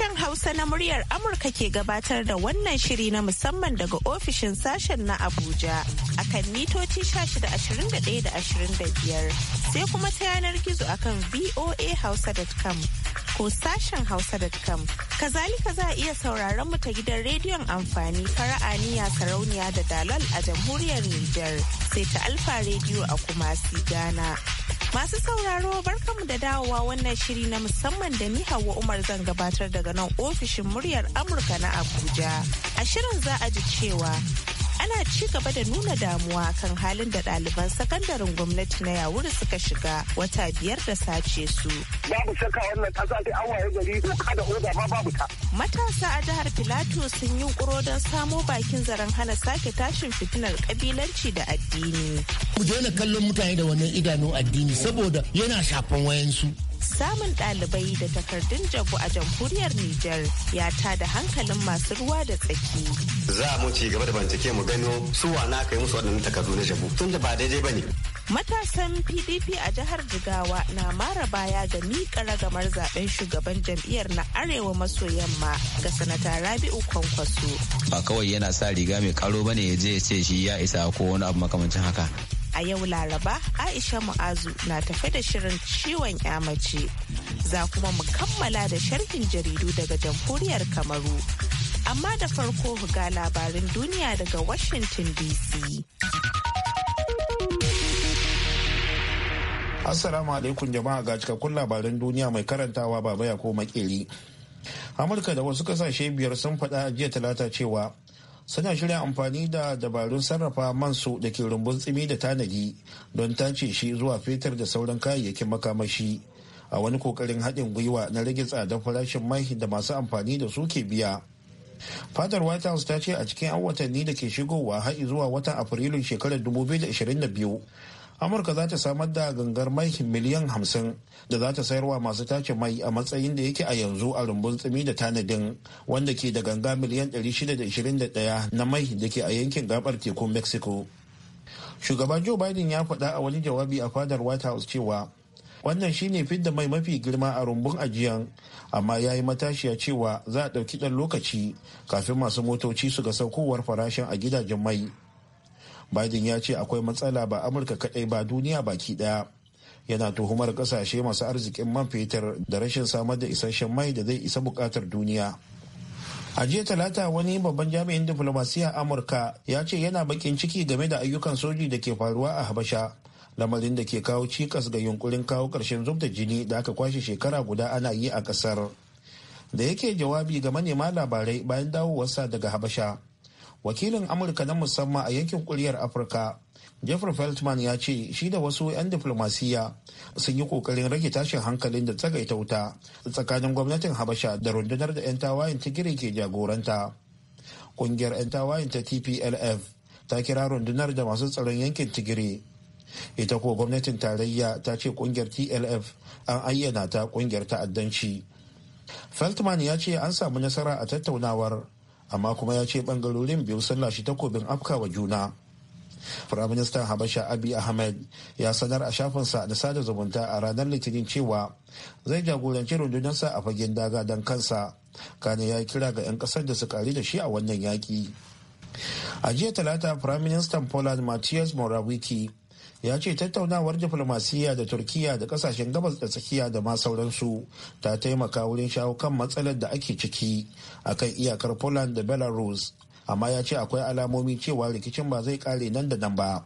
sashen Hausa na muryar Amurka ke gabatar da wannan shiri na musamman daga ofishin sashen na Abuja a kan mitoci 1621 da 25 sai kuma ta yanar gizo akan voahausa.com ko sashen hausa.com. Kazalika za a iya sauraron mu ta gidan rediyon amfani fara'aniya sarauniya da dalal a jamhuriyar Nijar sai ta alfa rediyo a kumasi Ghana. Masu sauraro barkamu da dawowa wannan shiri na musamman da ni Hauwa Umar zan gabatar daga nan ofishin muryar Amurka na Abuja. A shirin za a ji cewa ana ci gaba da nuna damuwa kan halin da ɗaliban sakandaren gwamnati na yawuri suka shiga wata biyar da sace su. Babu shakka wannan ƙasa sai an waye gari doka da oda ma babu ta. Matasa a jihar Filato sun yi ƙuro don samo bakin zaren hana sake tashin fitinar ƙabilanci da addini. Ku daina kallon mutane da wannan idanun addini saboda yana shafan wayansu. samun ɗalibai da takardun jabu a jamhuriyar Nijar ya ta da hankalin masu ruwa da tsaki. Za mu ci gaba da bincike mu gano su wana kai musu waɗannan takardu na jabu tunda ba daidai ba ne. Matasan PDP a jihar Jigawa na mara baya ga miƙa ragamar zaben shugaban jam'iyyar na Arewa maso yamma ga sanata Rabi'u Kwankwaso. Ba kawai yana sa riga mai karo bane ya je ya ce shi ya isa ko wani abu makamancin haka. a yau laraba aisha mu'azu na tafe da shirin ciwon mace za kuma mu kammala da sharhin jaridu daga jamhuriyar kamaru amma da farko ga labarin duniya daga washington dc assalamu alaikum jama'a ga cikakkun labaran duniya mai karantawa baba ya ko makeri amurka da wasu kasashe biyar sun faɗa jiya talata cewa suna shirya amfani da dabarun sarrafa man su da ke rumbun tsimi da tanadi don tace shi zuwa fetur da sauran kayayyakin makamashi a wani kokarin haɗin gwiwa na rage tsadar farashin mai da masu amfani da su ke biya fadar white house ta ce a cikin an watanni da ke shigowa har zuwa watan afrilun shekarar 2022 amurka za ta samar da gangar mai miliyan hamsin da za ta sayarwa masu tace mai a matsayin da yake a yanzu a rumbun tsimi da tanadin wanda ke da ganga miliyan 621 na mai da ke a yankin gabar tekun mexico shugaba joe biden ya faɗa a wani jawabi a fadar white house cewa wannan shine fidda mai mafi girma a rumbun ajiyan amma ya yi matashi a cewa za a ɗauki ɗan lokaci kafin masu motoci su ga saukowar farashin a gidajen mai biden ya ce akwai matsala ba amurka kadai ba duniya baki daya yana tuhumar kasashe masu arzikin man fetur da rashin samar da isasshen mai da zai isa bukatar duniya a jiya talata wani babban jami'in diflomasiya amurka ya ce yana bakin ciki game da ayyukan soji da ke faruwa a habasha lamarin da ke kawo cikas ga yunkurin kawo ƙarshen zub da jini da aka kwashe shekara guda ana yi a ƙasar da yake jawabi ga manema labarai bayan dawowarsa daga habasha wakilin amurka na musamman a yankin kuryar afirka jeffrey feltman ya ce shi da wasu 'yan diflomasiyya sun yi kokarin rage tashin hankalin da ta wuta tsakanin gwamnatin habasha da rundunar da 'yan tawayen tigiri ke jagoranta kungiyar 'yan tawayen ta tplf ta kira rundunar da masu tsaron yankin tigiri ita ko gwamnatin tarayya ta ce kungiyar tlf an ayyana ta kungiyar ta'addanci feltman ya ce an samu nasara a tattaunawar amma kuma ya ce bangarorin biyu sun lashe takobin wa juna firaministan habasha abi ahmed ya sanar a shafinsa da sada zumunta a ranar litinin cewa zai jagoranci rundunarsa a fagen daga don kansa kane ya yi kira ga 'yan kasar da su kari da shi a wannan yaki a jiya talata firaministan poland matthias morawiki ya ce tattaunawar diflomasiyya da turkiya da kasashen gabas da tsakiya da ma sauransu ta taimaka wurin shawo kan matsalar da ake ciki a kan iyakar poland da belarus amma ya ce akwai alamomi cewa rikicin ba zai kare nan da nan ba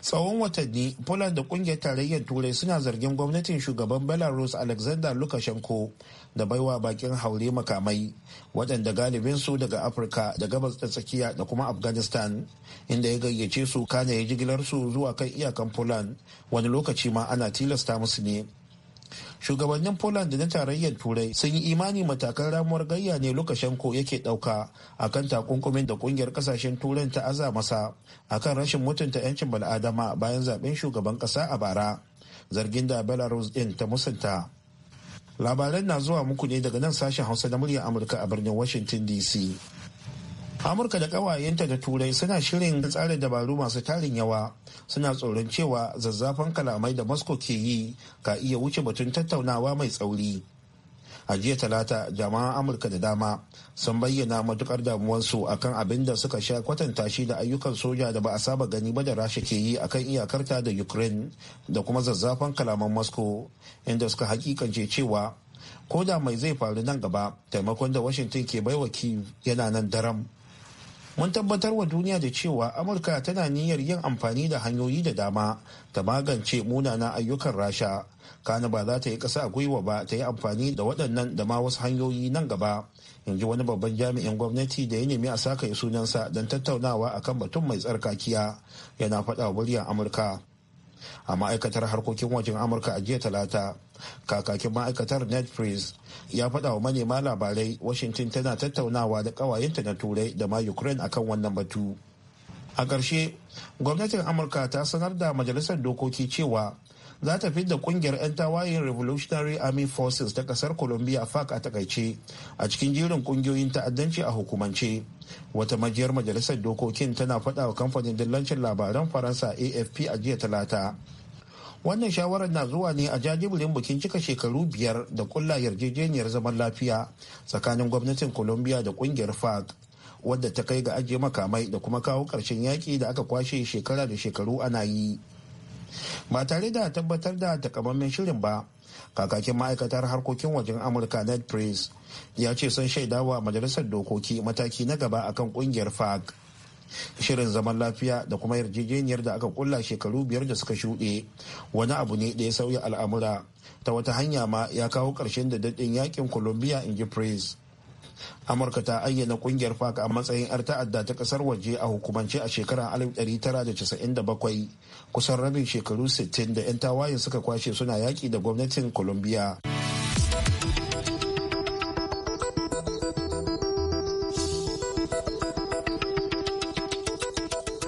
tsawon watanni poland da kungiyar tarayyar turai suna zargin gwamnatin shugaban belarus alexander lukashenko da baiwa bakin haure makamai waɗanda su daga afirka da gabas da tsakiya da kuma afghanistan inda ya gayyace su kana ya jigilarsu zuwa kan iyakan poland wani lokaci ma ana tilasta musu ne shugabannin poland da na tarayyar turai sun yi imani matakan ramuwar gayya ne lokacin ko yake ɗauka akan takunkumin da kungiyar kasashen turai ta aza masa a kan rashin mutunta 'yancin bal'adama bayan zaben shugaban ƙasa a bara zargin da belarus ɗin ta musanta labaran na zuwa muku ne daga nan sashen hausa na muryar amurka a birnin washington dc amurka da ƙawayenta da turai suna shirin tsara dabaru masu tarin yawa suna tsoron cewa zazzafan kalamai da moscow ke yi ka iya wuce batun tattaunawa mai tsauri a jiya talata jama'an amurka da dama sun bayyana matukar damuwarsu akan abin da suka sha kwatanta shi da ayyukan soja da ba a saba gani ba da rasha ke yi akan iyakarta da ukraine da kuma zazzafan kalaman moscow inda suka hakikance cewa ko da mai zai faru nan gaba taimakon da washington ke baiwa kiev yana nan daram mun tabbatar wa duniya da cewa amurka tana niyyar yin amfani da hanyoyi da dama ta magance munana ayyukan rasha kana ba za ta yi ƙasa a gwiwa ba ta yi amfani da waɗannan da ma wasu hanyoyi nan gaba in ji wani babban jami'in gwamnati da ya nemi a saka sunansa don tattaunawa akan batun mai tsarkakiya yana faɗa wa muryar amurka a ma'aikatar harkokin wajen amurka a jiya talata kakakin ma'aikatar ned prince ya faɗa wa manema labarai washington tana tattaunawa da ƙawayenta na turai da ma ukraine akan wannan batu a ƙarshe gwamnatin amurka ta sanar da majalisar dokoki cewa za ta fidda kungiyar 'yan tawayen revolutionary army forces ta kasar colombia fac a takaice a cikin jerin kungiyoyin ta'addanci a hukumance wata majiyar majalisar dokokin tana faɗa wa kamfanin dillancin labaran faransa afp a jiya talata wannan shawarar na zuwa ne a jajibirin bikin cika shekaru biyar da kulla yarjejeniyar zaman lafiya tsakanin gwamnatin colombia da kungiyar fac wadda ta kai ga ajiye makamai da kuma kawo ƙarshen yaƙi da aka kwashe shekara da shekaru ana yi ba tare da tabbatar da takamaiman shirin ba kakakin ma'aikatar harkokin wajen amurka ned prince ya ce sun shaida wa majalisar dokoki mataki na gaba akan kungiyar fag shirin zaman lafiya da kuma yarjejeniyar da aka kulla shekaru biyar da suka shuɗe wani abu ne da ya sauya al'amura ta wata hanya ma ya kawo ƙarshen da daɗin yakin colombia in ji prince amurka ta ayyana kungiyar fak a matsayin 'yar ta'adda ta ƙasar waje a hukumance a shekarar 1997 kusan rabin shekaru 60 da 'yan tawayen suka kwashe suna yaƙi da gwamnatin colombia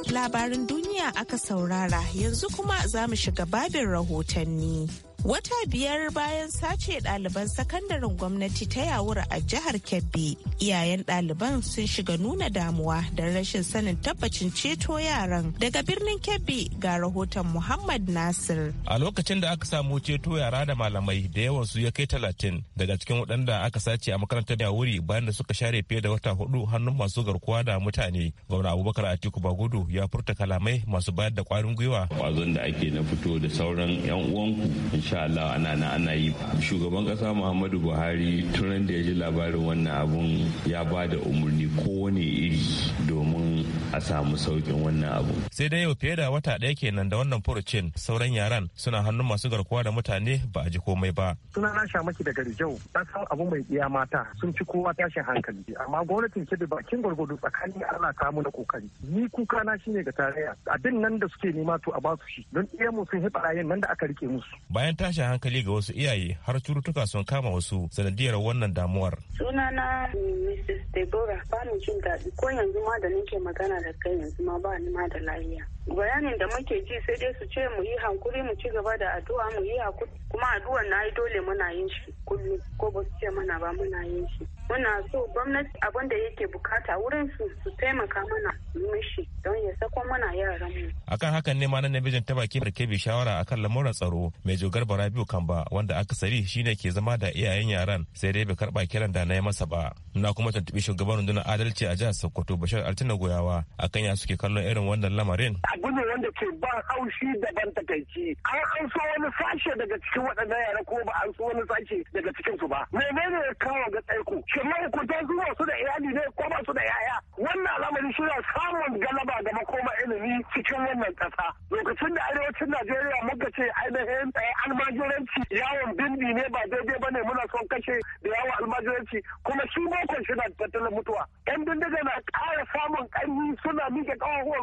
labarin duniya aka saurara yanzu kuma za mu shiga babin rahotanni Wata biyar bayan sace ɗaliban sakandaren gwamnati ta yawura a jihar Kebbi, iyayen ɗaliban sun shiga nuna damuwa da rashin sanin tabbacin ceto yaran. Daga birnin Kebbi ga rahoton Muhammad Nasir. A lokacin da aka samu ceto yara da malamai da yawan su ya kai talatin daga cikin waɗanda aka sace a makarantar yawuri bayan da suka share fiye da wata hudu hannun masu garkuwa da mutane. Gwamna Abubakar Atiku Bagudu ya furta kalamai masu bayar da kwarin gwiwa. Kwazon da ake na fito da sauran 'yan uwanku insha Allah ana na ana yi shugaban kasa Muhammadu Buhari turan da ya ji labarin wannan abun ya ba da umarni kowane iri domin a samu saukin wannan abu sai dai yau fiye da wata ɗaya kenan da wannan furucin sauran yaran suna hannun masu garkuwa da mutane ba a ji komai ba suna na sha maki daga Rijau ta san abu mai iya mata sun ci kowa tashin hankali amma gwamnatin ke da bakin gwargwado tsakanin Allah ta mu na kokari ni kuka na shine ga tarayya abin nan da suke nema to a ba su shi don iya musu sun hiɓa nan da aka rike musu bayan tashi hankali ga wasu iyaye har cututtuka sun kama wasu sanadiyar wannan damuwar. Sunana Mrs. Deborah ba ni jin daɗi ko yanzu ma da nake magana da kai yanzu ma ba ni ma da lafiya. Bayanin da muke ji sai dai su ce mu yi hankuri mu ci gaba da addu'a mu yi hakuri kuma addu'a na yi dole muna yin shi kullum ko ba su ce mana ba muna yin shi. Muna so gwamnati abin da yake bukata wurin su su taimaka mana mishi don ya sako mana yaran mu. Akan hakan ne ma na bijin ta baki da bi shawara akan lamuran tsaro mai jogar garba rabiu ba wanda aka sari shine ke zama da iyayen yaran sai dai bai karba kiran da na yi masa ba na kuma tuntubi shugaban rundunar adalci a jihar sokoto bashar altina goyawa akan ya suke kallon irin wannan lamarin abu ne wanda ke ba haushi daban takaici an an so wani sashe daga cikin waɗannan yaran ko ba an so wani sashe daga cikin su ba menene ya kawo ga tsaiko shin mahukuntan su su da iyali ne ko ba su da yaya wannan lamarin shi samun galaba ga makoma ilimi cikin wannan ƙasa lokacin da arewacin najeriya muka ce ainihin an almajiranci yawon bindi ne ba daidai ba ne muna son kashe da yawon almajiranci kuma shi makon shi na tattalin mutuwa yan bindiga na ƙara samun kanyi suna miƙe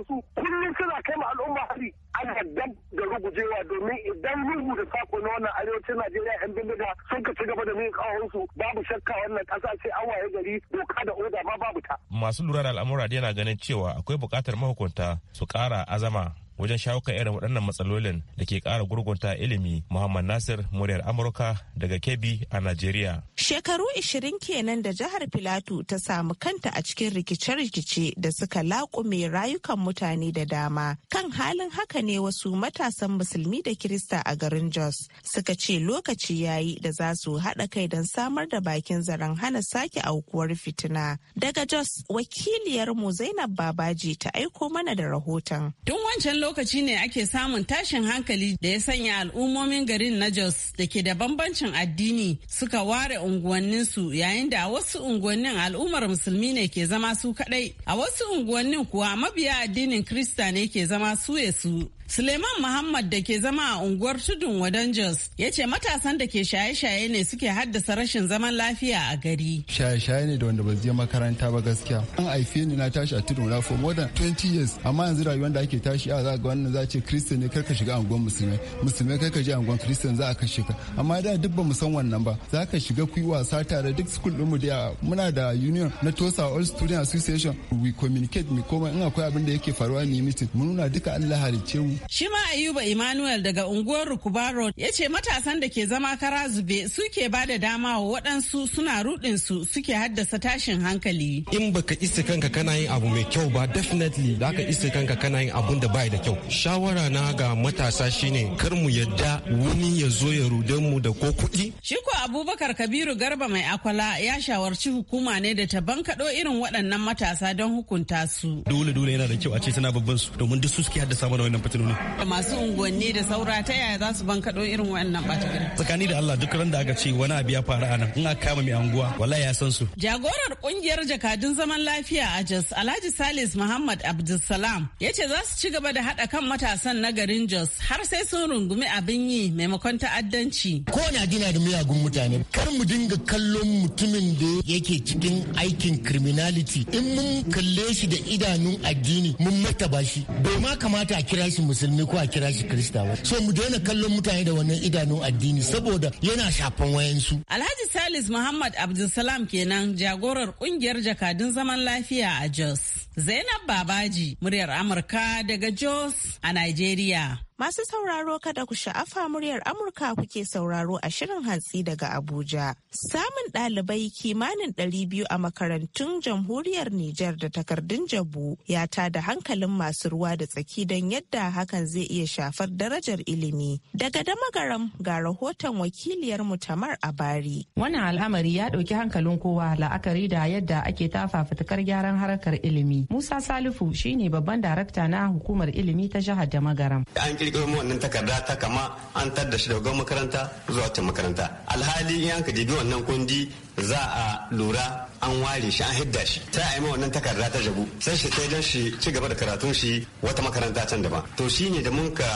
su kullum suna kai ma al'umma hari an dab da rugujewa domin idan rugu da sako na wannan arewacin najeriya yan bindiga sun ka ci gaba da miƙe su babu shakka wannan ƙasa ce an waye gari doka da oda ma babu ta. masu lura da al'amura yana ganin cewa akwai bukatar mahukunta su ƙara azama wajen shawo kan irin waɗannan matsalolin da ke ƙara gurgunta ilimi Muhammad Nasir muryar Amurka daga Kebbi a Najeriya. Shekaru 20 kenan da jihar Filatu ta samu kanta a cikin rikice-rikice da suka laƙume rayukan mutane da dama. Kan halin haka ne wasu matasan musulmi da Kirista a garin Jos suka ce lokaci yayi da za su haɗa kai don samar da bakin zaren hana sake aukuwar fitina. Daga Jos wakiliyarmu Zainab Babaji ta aiko mana da rahoton. Tun wancan lokaci ne ake samun tashin hankali da ya sanya al'ummomin garin na Jos da ke da bambancin addini suka ware unguwanninsu yayin da a wasu unguwannin al'ummar musulmi ne ke zama su kadai. A wasu unguwannin kuwa mabiya addinin Krista ne ke zama su su. Suleiman Muhammad da ke zama a unguwar Tudun Wadon Jos ya ce matasan da ke shaye-shaye ne suke haddasa rashin zaman lafiya a gari. Shaye-shaye ne da wanda ba je makaranta ba gaskiya. An haife ni na tashi a Tudun Wada for more than 20 years amma yanzu rayuwar da ake tashi a za ga wannan za ce Christian ne karka shiga unguwar musulmai. Musulmai karka je unguwar Christian za a kashe ka. Amma da duk ba mu san wannan ba. Za ka shiga ku yi wasa tare duk school ɗinmu da muna da union na Tosa All Student Association. We communicate mu koma in akwai abin da yake faruwa ne mitin. Mu nuna duka Allah halicce mu ne. Shi ma Ayuba Emmanuel daga unguwar Rukubaro ya ce matasan da ke zama kara zube suke ba da dama wa waɗansu suna rudinsu su suke haddasa tashin hankali. In baka isa kanka kana yin abu mai kyau ba definitely za ka isa kanka kana yin abun da bai da kyau. Shawara na ga matasa shine kar mu yadda wani ya zo ya rude mu da ko kuɗi. Shi ko Abubakar Kabiru Garba mai akwala ya shawarci hukuma ne da ta bankaɗo irin waɗannan matasa don hukunta su. Dole dole yana da kyau a ce suna babban su domin duk su suke haddasa mana wannan fitilu matsaloli. Masu unguwanni da saura ta yaya za su bankaɗo irin wannan ɓata gari. Tsakani da Allah duk randa aka ce wani abu ya faru a nan in aka kama mai anguwa wala ya san su. Jagorar kungiyar jakadun zaman lafiya a Jos Alhaji Salis Muhammad Abdulsalam ya ce za su ci gaba da haɗa kan matasan na garin Jos har sai sun rungumi abin yi maimakon ta'addanci. Ko na da miyagun mutane kar mu dinga kallon mutumin da yake cikin aikin criminality in mun kalle shi da idanun addini mun martaba shi bai ma kamata a kira shi mu musulmi ko a kira shi krista ba so mu daina kallon mutane da wannan idanun addini saboda yana shafan wayansu alhaji salis muhammad abdulsalam kenan jagorar kungiyar jakadun zaman lafiya a jos zainab babaji muryar amurka daga jos a nigeria Masu sauraro kada ku sha'afa muryar Amurka kuke sauraro a shirin hantsi daga Abuja. Samun ɗalibai kimanin ɗari biyu a makarantun jamhuriyar Nijar da takardun jabu ya tada hankalin masu ruwa da tsaki don yadda hakan zai iya shafar darajar ilimi. Daga damagaram ga rahoton wakiliyar Mutamar bari Wannan al'amari ya ɗauki hankalin kowa la'akari da yadda ake tafa fitakar gyaran harkar ilimi. Musa Salifu shine babban darakta na hukumar ilimi ta jihar Damagaram. kirkiro wannan takarda ta kama an da shi daga makaranta zuwa wata makaranta alhali in an ka wannan kundi za a lura an ware shi an hidda shi ta yi wannan takarda ta jabu sai shi sai don shi ci gaba da karatun shi wata makaranta can daban to shine da mun ka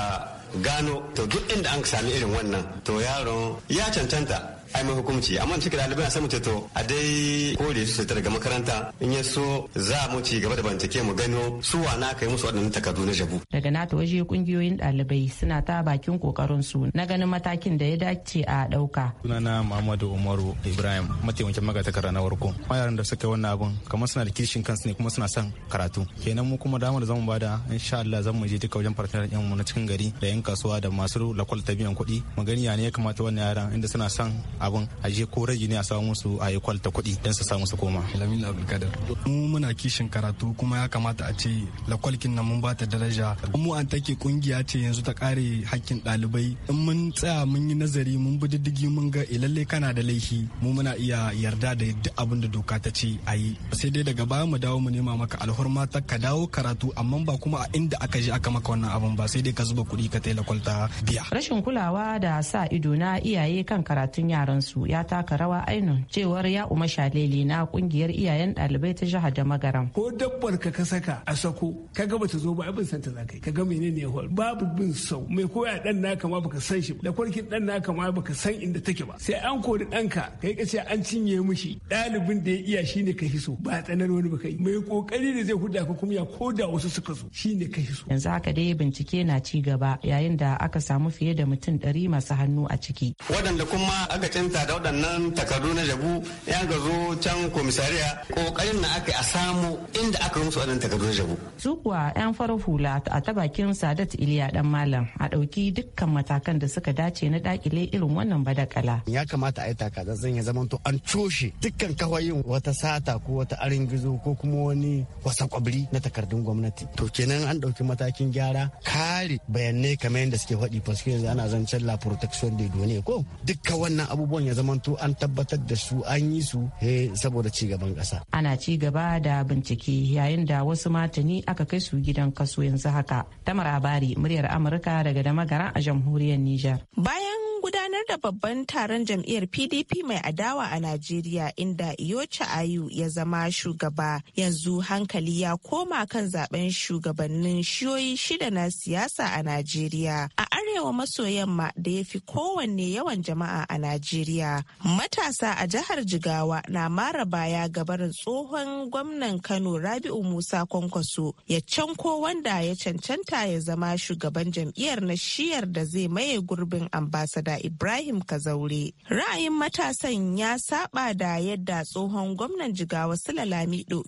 gano to duk inda an sami irin wannan to yaron ya cancanta ai mai hukunci amma cika a sai mu ce to a dai kore su ta daga makaranta in ya so za mu ci gaba da bincike mu gano su na kai musu waɗannan takardu na jabu. Daga nato waje kungiyoyin ɗalibai suna ta bakin kokarin su na ganin matakin da ya dace a ɗauka. na Muhammadu Umaru Ibrahim mataimakin magatakara na warko. Mayaran da suka wannan abun kamar suna da kishin kansu ne kuma suna son karatu. Kenan mu kuma damar da zamu bada insha Allah zamu je duka wajen farkar yan mu na cikin gari da yan kasuwa da masu lakwal ta kuɗi. Magani ne ya kamata wannan yaran inda suna son abin a je ko ne a samu su a yi kwalta kuɗi don su samu su koma. Lamin Abdulkadir. Mu muna kishin karatu kuma ya kamata a ce lakwalkin nan mun bata daraja. Mu an take kungiya ce yanzu ta kare hakkin ɗalibai. In mun tsaya mun yi nazari mun bi diddigi mun ga ilalle eh, kana da laifi mu muna iya yarda da duk abin da doka ta ce a yi. Sai dai daga baya mu dawo mu nema maka alhurma ta ka dawo karatu amma ba kuma a inda aka je aka maka wannan abin ba sai dai ka zuba kuɗi ka taila lakwalta biya. Rashin kulawa da sa ido na iyaye kan karatun yara yaransu ya taka rawa ainun cewar ya uma shalele na kungiyar iyayen dalibai ta jihar da magaram. Ko dabbar ka ka saka a sako ka ga bata zo ba abin santa za ka ka ga menene ne hol babu bin sau mai koya dan naka ma baka san shi da kwarkin dan naka ma baka san inda take ba sai an kori ɗanka kai ka ce an cinye mishi dalibin da ya iya shine ka hiso ba tsanar wani ba kai mai kokari da zai huda ka kuma ya koda wasu suka zo shine ka hiso. Yanzu haka dai bincike na ci gaba yayin da aka samu fiye da mutum ɗari masu hannu a ciki. Waɗanda kuma aka tinta da waɗannan takardu na jabu ya ga zo can komisariya kokarin na aka a samu inda aka musu waɗannan takardu na jabu su kuwa yan farar hula a ta bakin sadat iliya dan malam a ɗauki dukkan matakan da suka dace na dakile irin wannan badakala ya kamata a yi zan ya zamanto an coshe dukkan kawayin wata sata ko wata arin gizo ko kuma wani wasa kwabri na takardun gwamnati to kenan an ɗauki matakin gyara kare bayanai kamar yadda suke faɗi fa yanzu ana zancen la protection de ko dukkan wannan abubuwa abubuwan ya zamanto an tabbatar da su an yi su saboda ci gaban ƙasa. Ana ci gaba da bincike yayin da wasu matani aka kai su gidan kaso yanzu haka. Tamar Abari muryar Amurka daga damagara a jamhuriyar Nijar. Bayan gudanar da babban taron jam'iyyar PDP mai adawa a Najeriya inda Iyocha Ayu ya zama shugaba yanzu hankali ya koma kan zaben shugabannin shiyoyi shida na siyasa a Najeriya. A arewa maso yamma da ya fi kowanne yawan jama'a a Najeriya. Matasa a jihar Jigawa na mara baya gabarin tsohon gwamnan Kano Rabi'u Musa Kwankwaso ya canko wanda ya cancanta ya zama shugaban jam'iyyar na shiyar da zai maye gurbin ambasada da Ibrahim Kazaure. Ra'ayin matasan ya saba da yadda tsohon gwamnan jigawa Sula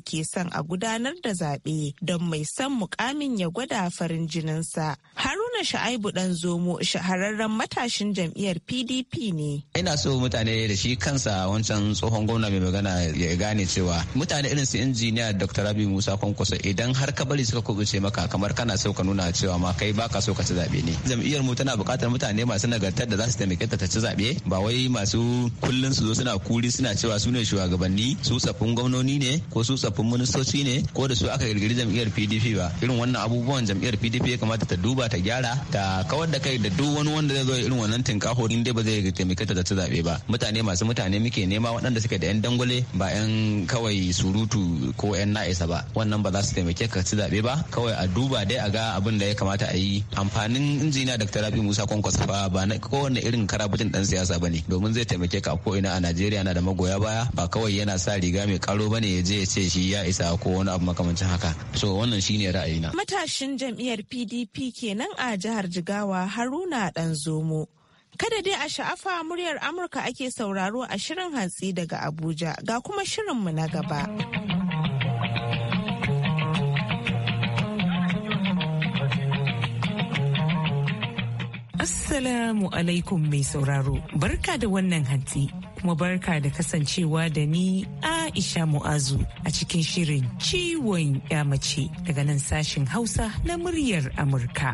ke son a gudanar da zaɓe don mai son mukamin ya gwada farin jininsa. Haruna Sha'aibu dan zomo shahararren matashin jam'iyyar PDP ne. Ina so mutane da shi kansa wancan tsohon gwamna mai magana ya gane cewa mutane irin su injiniya Dr. Rabi Musa Kwankwaso idan har ka bari suka kubuce maka kamar kana so ka nuna cewa ma kai baka so ka ci zaɓe ne. Jam'iyyar mu tana buƙatar mutane masu nagartar da za su taimake ta ci zaɓe ba wai masu kullun su zo suna kuri suna cewa su ne shugabanni su tsaffin gwamnoni ne ko su tsaffin ministoci ne ko da su aka girgiri jam'iyyar PDP ba irin wannan abubuwan jam'iyyar PDP ya kamata ta duba ta gyara ta kawar da kai da duk wani wanda zai zo irin wannan tinkaho din dai ba zai taimake ta ci zaɓe ba mutane masu mutane muke nema waɗanda suke da 'yan dangwale ba 'yan kawai surutu ko 'yan na'isa ba wannan ba za su taimake ka ci zaɓe ba kawai a duba dai a ga abin da ya kamata a yi amfanin injiniya dr rabi musa kwankwasa ba ba na kowane wani irin karabutin dan siyasa bane domin zai taimake ka ko ina a Najeriya na da magoya baya ba kawai yana sa riga mai karo bane ya je ya ce shi ya isa ko wani abu makamancin haka so wannan shine ra'ayina matashin jam'iyyar PDP kenan a jihar Jigawa Haruna zomo Kada dai a sha'afa muryar Amurka ake sauraro a shirin hantsi daga Abuja ga kuma shirin mu na gaba. Assalamu alaikum mai sauraro, barka da wannan hanti, kuma barka da kasancewa da ni Aisha Mu'azu a cikin shirin ciwon ya mace daga nan sashen Hausa na muryar Amurka.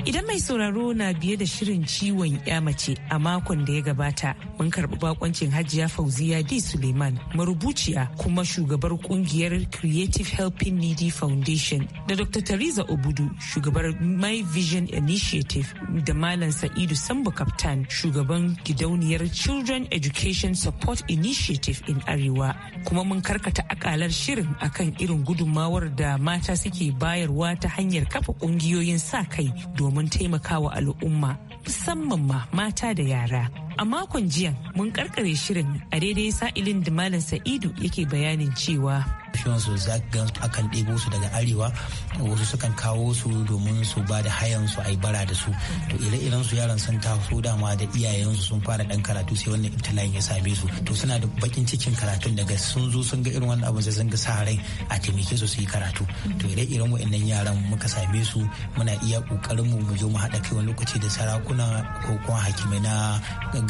Idan mai sauraro na biye da shirin ciwon ya mace a makon da ya gabata, mun karɓi bakoncin Hajiya Fauziya D. Suleiman, marubuciya kuma shugabar kungiyar Creative Helping Needy Foundation da Dr. Theresa Obudu, shugabar My Vision Initiative da Malam Sa'idu Sambu Kaptan, shugaban gidauniyar Children Education Support Initiative in Arewa. Kuma mun karkata akalar shirin akan irin gudunmawar da mata suke bayarwa ta hanyar kafa kungiyoyin sa kai domin domin taimakawa al'umma musamman ma mata da yara. a makon jiya mun karkare shirin a daidai sa'ilin da malam sa'idu yake bayanin cewa su za ga akan ɗebo su daga arewa wasu sukan kawo su domin su ba da hayan su a bara da su to ire-iren su yaran sun taso dama da su sun fara dan karatu sai wannan ibtila'in ya same su to suna da bakin cikin karatun daga sun zo sun ga irin wannan abin sai sun ga sa rai a taimake su su yi karatu to ire-iren wa'annan yaran muka same su muna iya kokarin mu mu zo mu haɗa kai wani lokaci da sarakuna ko kuma hakimai na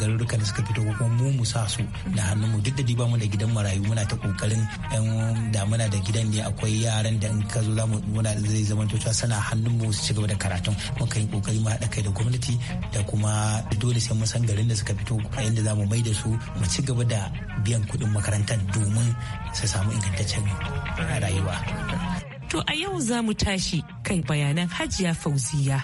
garurruka da suka fito kuma mu mu sa su da hannun mu duk da diba mu da gidan marayu muna ta kokarin yan damuna da gidan ne akwai yaran da in ka zo za mu muna zai zama to sana hannun mu su ci gaba da karatun mun kai kokari mu haɗa kai da gwamnati da kuma dole sai mun san garin da suka fito a yanda za mu mai da su mu ci gaba da biyan kuɗin makarantar domin su samu ingantaccen rayuwa. To a yau za mu tashi kan bayanan Hajiya Fauziya.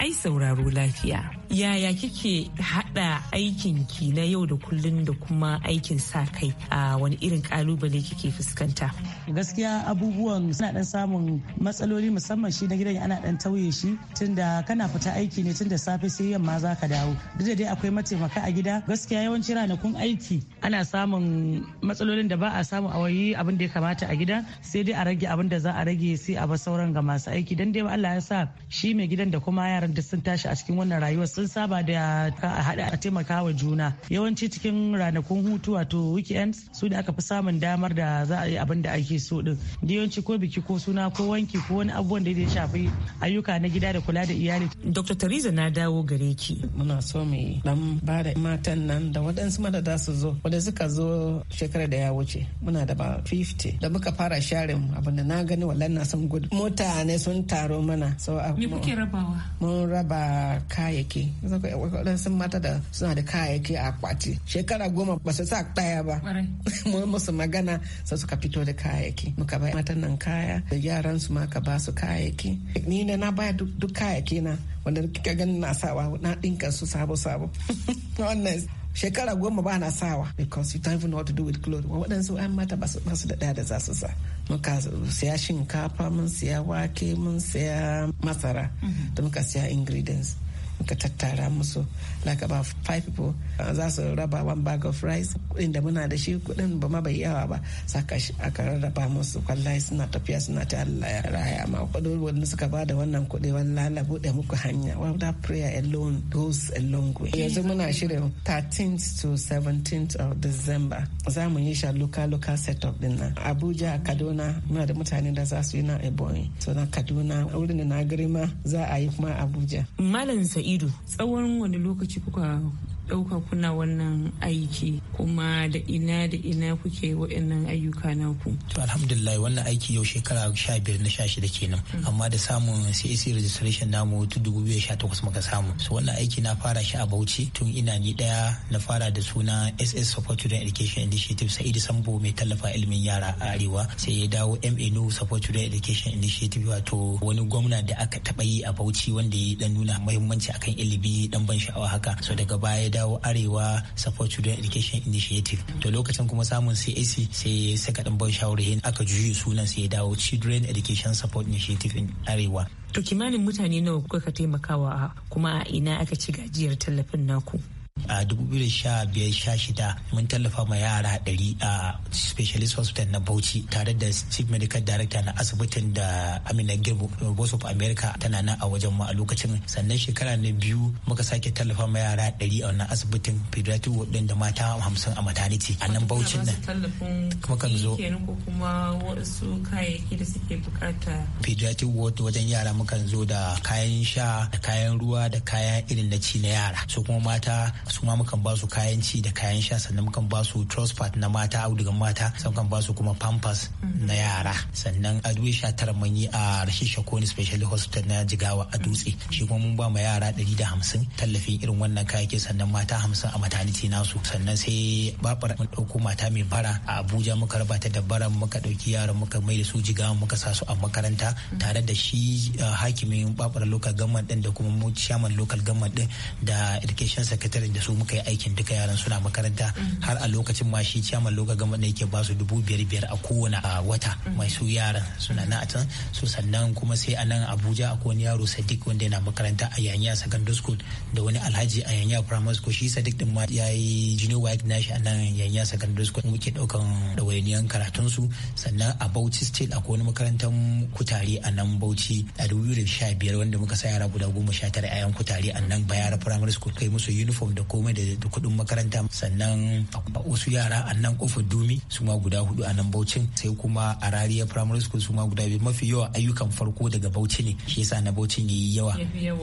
Ai sauraro lafiya. yaya kike hada aikin ki na yau da kullun da kuma aikin sa kai a wani irin kalubale kike fuskanta gaskiya abubuwan suna dan samun matsaloli musamman shi na gidan ana dan tauye shi tunda kana fita aiki ne tunda safe sai yamma za ka dawo duk da dai akwai mataimaka a gida gaskiya yawanci ranakun aiki ana samun matsalolin da ba a samu a wayi abin da ya kamata a gida sai dai a rage abin da za a rage sai a ba sauran ga masu aiki dan dai Allah ya sa shi mai gidan da kuma yaran da sun tashi a cikin wannan rayuwar sun saba da haɗa a taimaka wa juna yawanci cikin ranakun hutu wato weekends su da aka fi samun damar da za a yi abin da ake so din da yawanci ko biki ko suna ko wanki ko wani abubuwan da ya shafi ayyuka na gida da kula da iyali. Dr. Theresa na dawo gare ki. Muna so mu dan ba da matan nan da waɗansu madada su zo wanda suka zo shekarar da ya wuce muna da ba 50 da muka fara mu abin da na gani wallan na son gudu mutane sun taro mana. So, me kuke rabawa? Mun raba kayayyaki sun mata da suna da kayayyaki a kwati. shekara goma ba su sa daya ba mun musu magana sai suka fito da kayayyaki muka bai matan nan kaya da yaran su ma ka ba su kayayyaki ni ne na baya duk kayayyaki na wanda kika ganin na sawa na dinka su sabo sabo wannan shekara goma ba na sawa because you don't even know what to do with clothes waɗansu an mata ba su da ɗaya da za su sa muka siya shinkafa mun siya wake mun siya masara mm-hmm. da muka siya ingredients ka tattara musu like about five people uh, za su raba one bag of rice kudin da muna da shi kudin ba ma bai yawa ba saka shi aka raba musu kwallaye suna tafiya suna ta Allah ya raya ma kudin wanda suka ba da wannan kudi wallahi la bude muku hanya without prayer alone goes a long way yanzu muna shirin 13th to 17th of December za mu yi sha local set setup din nan Abuja Kaduna muna da mutane da za su yi na Ebonyi so na Kaduna wurin da na girma za a yi kuma Abuja Malam Sa'i ido tsawon wani lokaci kuka Dauka kuna wannan aiki kuma da ina da ina kuke wa'annan ayyuka naku. To alhamdulillah wannan aiki yau shekara sha biyar na sha shida kenan mm. amma da samun CAC registration namu tun dubu biyu sha takwas muka samu. So wannan aiki na fara shi a Bauchi tun ina ni daya na fara da suna SS Support Student Education Initiative Sa'id Sambo mai tallafa ilimin yara a Arewa sai ya dawo MA No Support Student Education Initiative wato wani gwamna da aka taɓa yi a Bauchi wanda ya dan nuna muhimmanci akan ilimi dan ban sha'awa haka. So daga baya dawo arewa support children education initiative to lokacin kuma samun cac sai saka dan ban shawarhin aka juyi sunan sai ya dawo children education support initiative in arewa to kimanin mutane nawa kuka taimakawa kuma a ina aka ci gajiyar tallafin naku a 2015-16 mun tallafa ma yara 100 a specialist hospital na bauchi tare da chief medical director na asibitin da amina Girbo voice of america tana nan a wajen mu a lokacin sannan shekara na biyu muka sake tallafa ma yara 100 a wannan asibitin pediatric ward da mata 50 a maternity a nan bauchi nan kuma kan zo kuma wasu kayayyaki da suke bukata pediatric ward wajen yara mukan zo da kayan sha da kayan ruwa da kayan irin na ci na yara su kuma mata suma ma mukan ba su kayan ci da kayan sha sannan mukan ba su transport na mata audugan mata sannan ba su kuma pampers mm-hmm. na yara sannan a duwe sha tara mun yi a rashin shakoni special hospital na jigawa a dutse shi kuma mun ba ma yara ɗari da hamsin tallafin irin wannan kayayyaki sannan mata hamsin a maternity nasu sannan sai babar mun ɗauko mata mai bara a abuja muka raba ta da bara muka ɗauki yaran muka mai da su jigawa muka sa su a makaranta mm-hmm. tare da shi hakimin babar local government ɗin da kuma chairman local government ɗin da education secretary da da su muka yi aikin duka yaran suna makaranta har a lokacin ma shi ciyaman loka gama da yake su dubu biyar biyar a kowane wata mai su yaran suna na can su sannan kuma sai a nan abuja a wani yaro sadiq wanda yana makaranta a yanya secondary school da wani alhaji a yanya primary school shi sadiq din ma ya yi junior wife nashi a nan yanya secondary school muke daukan dawainiyar karatun su sannan a bauchi state a wani makarantar kutare a nan bauchi a dubu da sha biyar wanda muka sa yara guda goma sha tara yan kutare a nan bayara primary school kai musu uniform da komai da kuɗin makaranta sannan wasu yara a nan kofar dumi su ma guda hudu a nan baucin sai kuma a rariya primary school su ma guda biyu mafi yawa ayyukan farko daga bauchi ne shi yasa na baucin yayi yawa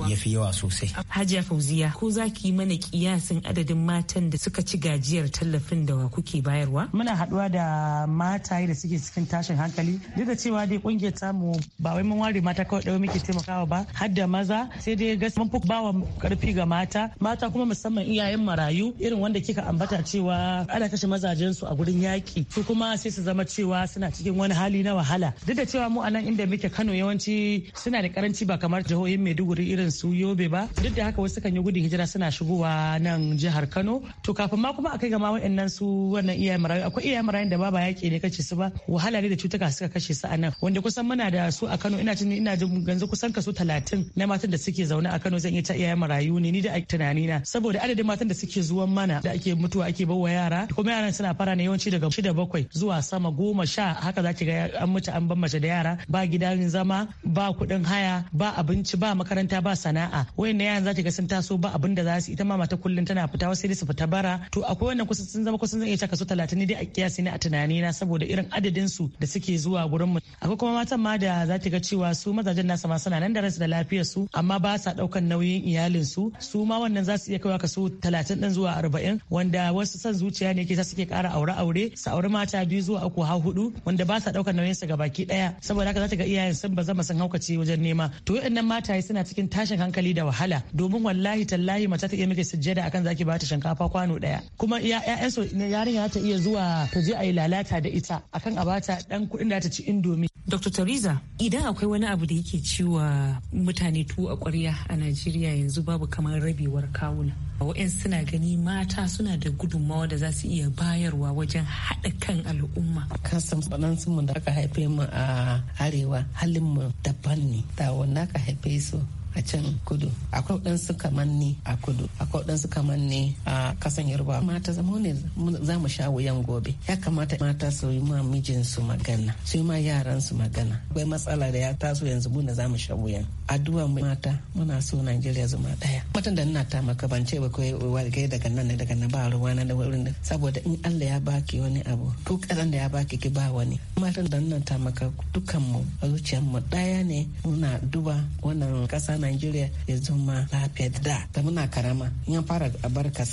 yafi yawa sosai hajiya fauziya ko za ki mana kiyasin adadin matan da suka ci gajiyar tallafin da kuke bayarwa muna haɗuwa da mataye da suke cikin tashin hankali duk da cewa dai kungiyar tamu ba wai mun ware mata kawai dawo muke taimakawa ba har da maza sai dai gaskiya mun fi bawa karfi ga mata mata kuma musamman iyayen marayu irin wanda kika ambata cewa ana kashe mazajen su a gurin yaki su kuma sai su zama cewa suna cikin wani hali na wahala duk da cewa mu anan inda muke Kano yawanci suna da karanci ba kamar jihohin Maiduguri irin su Yobe ba duk da haka wasu kan yi gudun hijira suna shigowa nan jihar Kano to kafin ma kuma akai ga ma su wannan iyayen marayu akwai iyayen marayun da ba ba yaki ne kace su ba wahala ne da cutuka suka kashe su a nan wanda kusan muna da su a Kano ina jin ina jin ganzu kusan kaso 30 na matan da suke zaune a Kano zan yi ta iyayen marayu ne ni da tunani na saboda da matan da suke zuwan mana da ake mutuwa ake bawa yara kuma yaran suna fara ne yawanci daga shida bakwai zuwa sama goma sha haka zaki ga an mutu an ban mace da yara ba gidan zama ba kuɗin haya ba abinci ba makaranta ba sana'a wayannan yaran zaki ga sun taso ba abin da za su ita ma mata kullun tana fita wasu su fita bara to akwai wannan kusa sun zama kusan zan iya caka su talatin ne dai a kiyasi ne a tunani na saboda irin adadin su da suke zuwa gurin mu akwai kuma matan ma da zaki ga cewa su mazajen nasa ma suna nan da ransu da lafiyar su amma ba sa daukan nauyin iyalin su su ma wannan za su iya kaiwa kaso talatin 30 zuwa arba'in wanda wasu son zuciya ne ke sa suke kara aure aure su aure mata biyu zuwa uku har hudu wanda ba sa daukar nauyin ga baki daya saboda haka za ta ga iyayen sun ba zama sun haukace wajen nema to wayannan mataye suna cikin tashin hankali da wahala domin wallahi tallahi mata ta iya miki sujjada akan zaki ba ta shinkafa kwano daya kuma ƴaƴan su yarinya ta iya zuwa ta je a yi lalata da ita akan a bata dan kuɗin da ta ci indomi Dr. Theresa idan akwai wani abu da yake ciwa mutane tuwo a ƙwarya a Najeriya yanzu babu kamar rabewar kawuna wa'yan suna gani mata suna da gudunmawa da za su iya bayarwa wajen haɗa kan al'umma kasan balansu mu da aka haife mu a arewa halin mu daban ne da wanda aka haife su a can kudu akwai kamar kamanni a kudu akwai kamar kamanni a kasan yarba mata zama ne za mu sha wuyan gobe ya kamata mata su yi ma mijinsu magana su yi ma su magana akwai matsala da ya taso yanzu mu za mu sha wuyan addu'a mata muna so Najeriya zama ɗaya matan da ina ta maka ban ce ba kai walgai daga nan ne daga na ba ruwa na da wurin saboda in Allah ya baki wani abu ko karan da ya baki ki ba wani matan da ina ta maka dukan mu zuciyar mu ɗaya ne muna duba wannan kasa na Najeriya ya zama lafiya da da muna karama in ya fara barka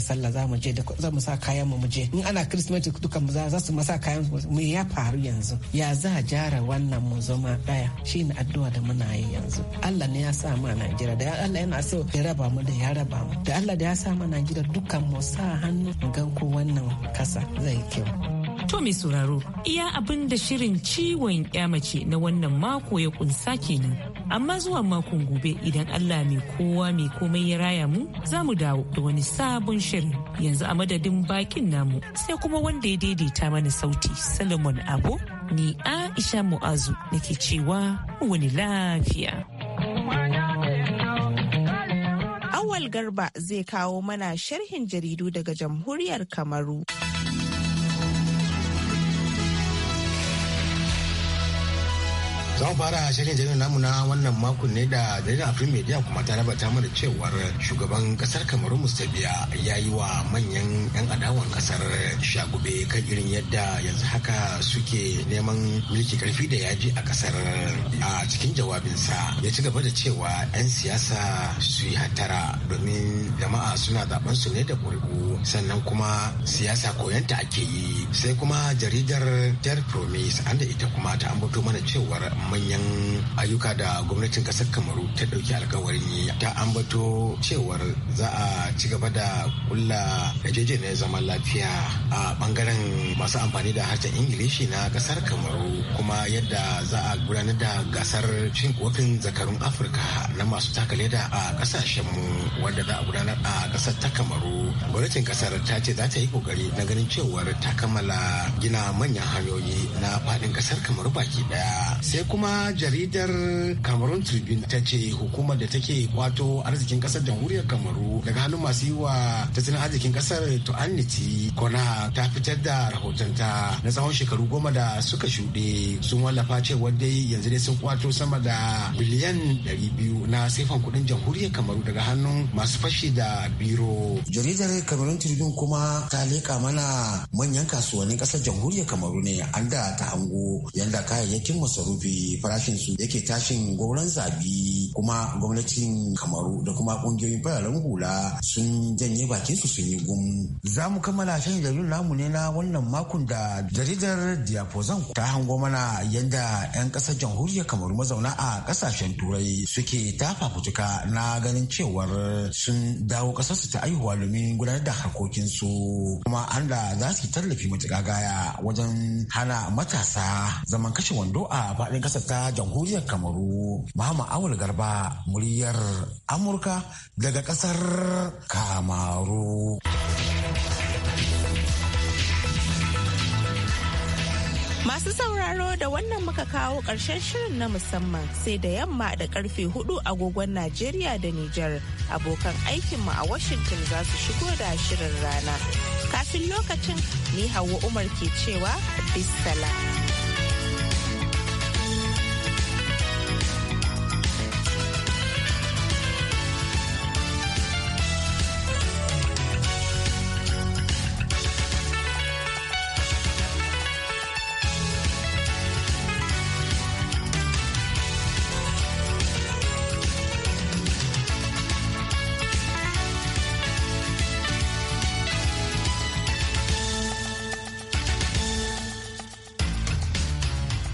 sallah za mu je da za mu sa kayan mu je in ana Christmas dukan mu za su masa kayan mu ya faru yanzu ya za a jara wannan mu zama daya shine addu'a da muna yi yanzu Allah ne ya sa a Najeriya da Allah yana so ya raba mu da ya raba mu da Allah da ya sa mu Najeriya dukan mu sa hannu ga ko wannan kasa zai kyau To mai sauraro, iya abin da shirin ciwon mace na wannan mako ya kunsa kenan. Amma zuwa makon gobe idan Allah mai kowa mai komai ya raya mu za mu dawo da wani sabon shirin yanzu a madadin bakin namu sai kuma wanda ya daidaita mana sauti Solomon abu ni Aisha Mu'azu nake cewa wani lafiya. Awal Garba zai kawo mana sharhin jaridu daga jamhuriyar Kamaru. za mu fara shirin jaridar namu na wannan makon ne da jaridar afirin media kuma ta rabata mana cewar shugaban kasar kamaru mustabiya ya yi wa manyan yan adawan kasar shagube kan irin yadda yanzu haka suke neman mulki karfi da yaji a kasar a cikin jawabinsa ya ci gaba da cewa yan siyasa su yi hatara domin jama'a suna zaben su ne da burgu sannan kuma siyasa koyanta ake yi sai kuma jaridar ter promise an da ita kuma ta ambato mana cewar manyan ayyuka da gwamnatin kasar kamaru ta ɗauki alkawarin yi ta ambato cewar za a ci gaba da kulla yarjejeniyar zaman lafiya a bangaren masu amfani da harshen ingilishi na kasar kamaru kuma yadda za a gudanar da gasar cin kofin zakarun afirka na masu taka leda a ƙasashenmu wanda za a gudanar a kasar ta kamaru gwamnatin kasar ta ce za ta yi kokari na ganin cewar ta kammala gina manyan hanyoyi na faɗin ƙasar kamaru baki ɗaya. sai kuma kuma jaridar Cameroon Tribune ta ce hukumar da take kwato arzikin kasar jamhuriyar Kamaru daga hannun masu yi wa tattalin arzikin kasar Tu'anniti Kona ta fitar da rahotanta na tsawon shekaru goma da suka shuɗe sun wallafa cewa dai yanzu dai sun kwato sama da biliyan 200 na sifan kuɗin jamhuriyar Kamaru daga hannun masu fashi da biro. Jaridar Cameroon Tribune kuma ta leka mana manyan kasuwannin kasar jamhuriyar Kamaru ne an da ta hango yanda kayayyakin masarufi farashin su yake tashin goron zabi kuma gwamnatin kamaru da kuma kungiyoyin fararen hula sun janye bakin su sun yi gum za mu kammala shan jaridun namu ne na wannan makon da jaridar diapozan ta hango mana yadda 'yan kasar jamhuriyar kamaru mazauna a ƙasashen turai suke tafa fafutuka na ganin cewar sun dawo kasarsu ta aihuwa domin gudanar da harkokinsu kuma an da za su tallafi matuƙa gaya wajen hana matasa zaman kashe wando a faɗin kasar ƙasar ta jamhuriyar kamaru Mahama awul garba muryar amurka daga kasar kamaru Masu sauraro da wannan muka kawo ƙarshen shirin na musamman sai da yamma da karfe hudu agogon Najeriya da Nijar abokan aikinmu a Washington za su shigo da shirin rana. Kafin lokacin ni Hauwa Umar ke cewa bisalam.